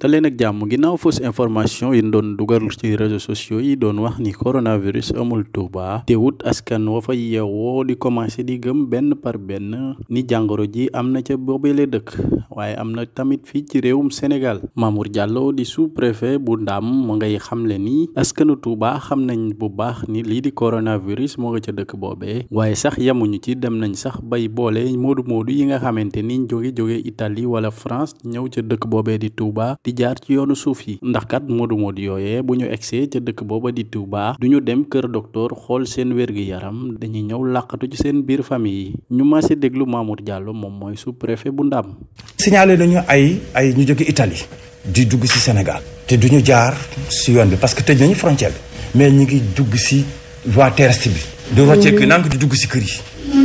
daleen ak jàmm ginnaaw fausse information yi doon dugal ci réseaux sociaux yi doon wax ni coronavirus amul Tuuba wut askan wa fa yeewoo di commencé di gëm benn par benn ni jàngoro ji am na ca boobele dëkk waaye am na tamit fii ci réewum Sénégal Mamour Diallo di sous-préfet bu Ndam mu ngay xamle ni askanu Tuuba xam nañ bu baax ni lii di coronavirus moo nga ca dëkk boobe waaye sax yemuñu ci dem nañ sax bay boole moodu moodu yi nga xamante ni jóge jóge Italie wala France ñëw ca dëkk boobee di Tuuba di jaar ci yoonu suuf yi ndax kat moodu moodu yooyee bu ñu egsee ca dëkk booba di Tuuba du ñu dem kër docteur xool seen wér-gi-yaram dañuy ñëw làqatu ci seen biir famille yi ñu maase déglu Mamour Diallo moom mooy sous-préfet bu Ndam. signalé nañu ay ay ñu jóge Italie di dugg si Sénégal te du ñu jaar si yoon bi parce que te nañu frontière bi mais ñu ngi dugg si voie terrestre bi. du rocceeku mm. nank di dugg si kër yi.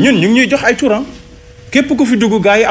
ñun ñu ngi ñuy jox ay turam képp ku fi dugg gars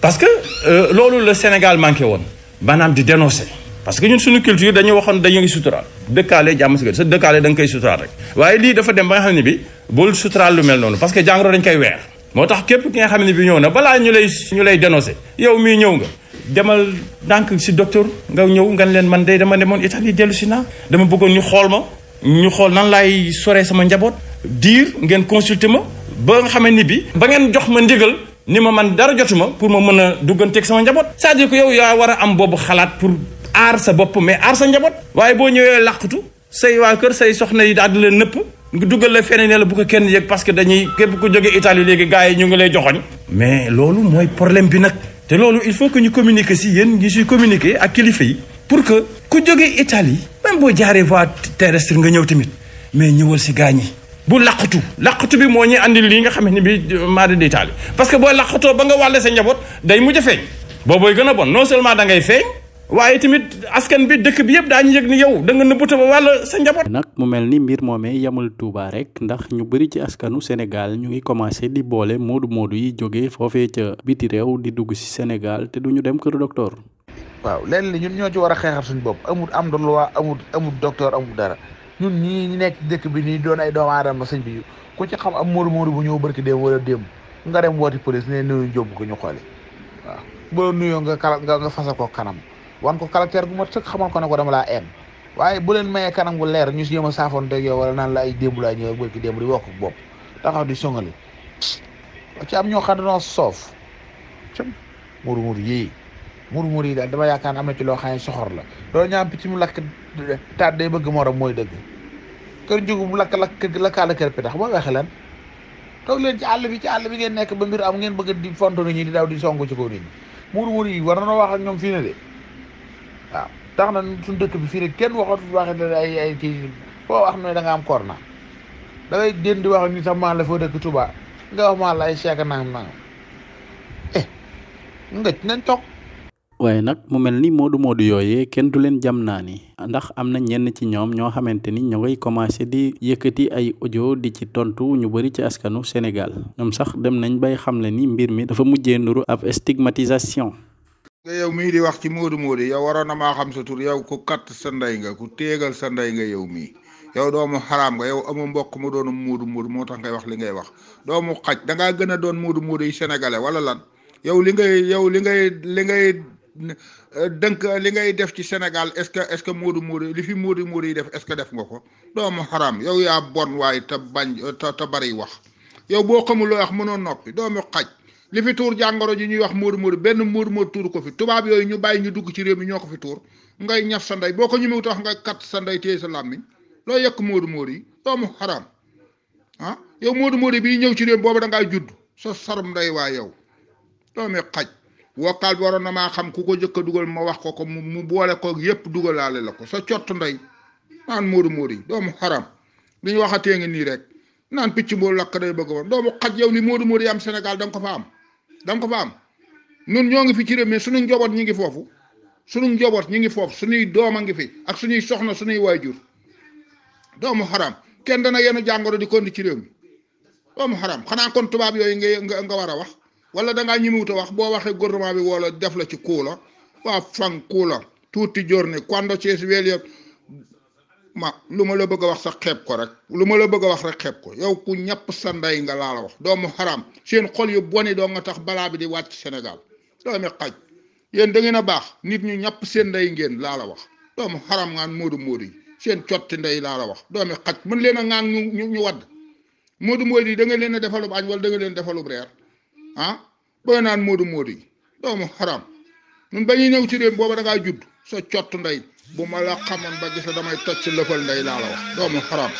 parce que euh, loolu la Sénégal manqué woon maanaam di dénoncé parce que ñun suñu culture dañu waxoon dañu ngi suturaal dëkkaale jàmm si gën sa dëkkaale da nga koy suturaal rek waaye lii dafa dem ba nga xam ne bi bul suturaal lu mel noonu parce que jàngoro dañ koy weer moo tax képp ki nga xam ne bi ñëw na balaa ñu lay ñu lay dénoncé yow mii ñëw nga demal ndànk si docteur nga ñëw nga leen man day dama demoon Italie dellu si naa dama bëggoon ñu xool ma ñu xool nan laay soree sama njaboot diir ngeen consulter ma ba nga xamante ni bi ba ngeen jox ma ndigal ni ma man dara jotuma pour ma mën a dugganteeg sama njaboot c'est-à-dire yow yaa war a am boobu xalaat pour aar sa bopp mais aar sa njaboot waaye boo ñëwee làqatu say waa kër say soxna yi daal di la nëpp nga duggal la feneen ne la bu ko kenn yëg parce que dañuy képp ku jóge Italie léegi gars yi ñu ngi lay joxoñ mais loolu mooy problème bi nag te loolu il faut que ñu communiquer si yéen ngi suy communiquer ak kilifa yi pour que ku jóge Italie même boo jaaree voie terrestre nga ñëw tamit mais ñëwal si gaañ yi bu laqatu laqatu bi moo ñuy andil lii nga xam ne bi maa di taali parce que boo laqatoo ba nga wàlle sa njaboot day mujj a feeñ boobooy gën a bon non seulement da ngay feeñ waaye tamit askan bi dëkk bi yëpp daa ñu yëg ni yow danga nga nëbbatu ba wàll sa njaboot. nag mu mel ni mbir moomee yamul Touba rek ndax ñu bëri ci askanu Sénégal ñu ngi commencé di boole moodu-moodu yi jógee foofee ca biti réew di dugg si Sénégal te du ñu dem kër docteur. waaw léeg-léeg ñun ñoo ci war a xeexal suñu bopp amul am doon loi amul amul docteur amul dara ñun ñii ñu nekk dëkk bi nii doon ay doomu aadama sëñ bi ku ci xam am móoru móoru bu ñëw barki dem wala démb nga dem wooti police ne nuyu jóbbu ko ñu xoole boo bu nuyoo nga kala nga fasal ko kanam wan ko caractère gu ma sëkk xamal ko ne ko dama laa en waaye bu leen mayee kanam gu leer ñu si yéem a saafoon teg yow wala naan la ay démb laa ñëw barki démb di wokk bopp taxaw di songali ci am ñoo xam ne soof cam móoru móoru yéey murmur yi daal dama yaakaar ne am na ci loo xam ne soxor la doo ñaam picc mu lakk taat day bëgg morom mooy dëgg kër njugu mu lakk lakk lakkaale kër pitax mooy waxe lan toog leen ci àll bi ci àll bi ngeen nekk ba mbir am ngeen bëgg di fonto ñi di daw di songu ci kaw nit ñi murmur yi war nañoo wax ak ñoom fii ne tax na suñu dëkk bi fii ne kenn waxoot fi waxe la ay ay kii foo wax ne da am koor naa da ngay dén di wax ni sax maa la foo dëkk Touba nga wax maa la ay cheikh nangam nangam eh ngëj nañ toog waaye nag mu mel ni moodu moodu yooyee kenn du leen jam naa ni ndax am na ñenn ci ñoom ñoo xamante ni ñoo ngay commencé di yëkkati ay audio di ci tontu ñu bëri ci askanu Sénégal ñoom sax dem nañ bay xamle ni mbir mi dafa mujje nuru ab stigmatisation. nga yow mii di wax ci moodu moodu yow waroon na maa xam sa tur yow ku katt sa ndey nga ku téegal sa ndey nga yow mii yow doomu xaraam nga yow amu mbokk mu doon moodu moodu moo tax ngay wax li ngay wax doomu xaj da ngaa gën a doon moodu moodu yi sénégalais wala lan Euh, dënk euh, li ngay def ci Sénégal est-ce que est-ce que Modou Modou li fi Modou Modou yi def est-ce que def nga ko doomu xaram yow yaa bon waaye te bañ euh, te bari wax yow boo xamul loo wax mënoo noppi doomu xaj li fi tuur jàngoro ji ñuy wax Modou Modou benn Modou Modou tuur ko fi tubaab yooyu ñu bàyyi ñu dugg ci réew mi ñoo ko fi tuur ngay ñaf sa ndey boo ko ñemewut wax nga kat sa ndey téye sa làmmiñ loo yekk Modou Modou yi doomu xaram ah yow moodu Modou bii ñëw ci réew boobu da ngaa judd sa sarum ndey waa yow doomu xaj. wokkaal bi waroon na maa xam ku ko jëkk dugal ma wax ko ko mu boole ko yépp dugalaale la ko sa cott ndey naan móodu móodu yi doomu xaram li ñu waxatee ngi nii rek naan picc mboolu lakk day bëgg woon doomu xaj yow li móodu móodu yi am Sénégal da ko fa am ko fa am nun ñoo ngi fi ci réew suñu njaboot ñi ngi foofu suñu njaboot ñi ngi foofu suñuy doom a ngi fi ak suñuy soxna suñuy waajur doomu xaram kenn dana yenu jàngoro di kondi ci réew mi doomu xaram xanaa kon tubaab yooyu nga nga war a wax wala da ngaa ñemewut a wax boo waxee gouvernement bi wala def la ci kuula waa fan kuula tuuti journée kon ci wel yo ma lu ma la bëgg a wax sax xeeb ko rek lu ma la bëgg a wax rek xeeb ko yow ku ñàpp sa ndey nga laa la wax doomu xaram seen xol yu boni doo nga tax balaa bi di wàcc Sénégal doomi xaj yéen da ngeen a baax nit ñu ñàpp seen ndey ngeen laa la wax doomu xaram ngaan moodu moodu yi seen cotti ndey laa la wax doomi xaj mën leen a ngaan ñu ñu wadd moodu moodu yi da nga leen a defalub añ wala da nga leen defalub reer a booy naan moodu moodu yi doomu xaram ñun ba ñuy ñëw ci réew booba da ngaa judd sa cott ndey bu ma la xamoon ba gis la damay toj ci lëfal ndey laa la wax doomu xaram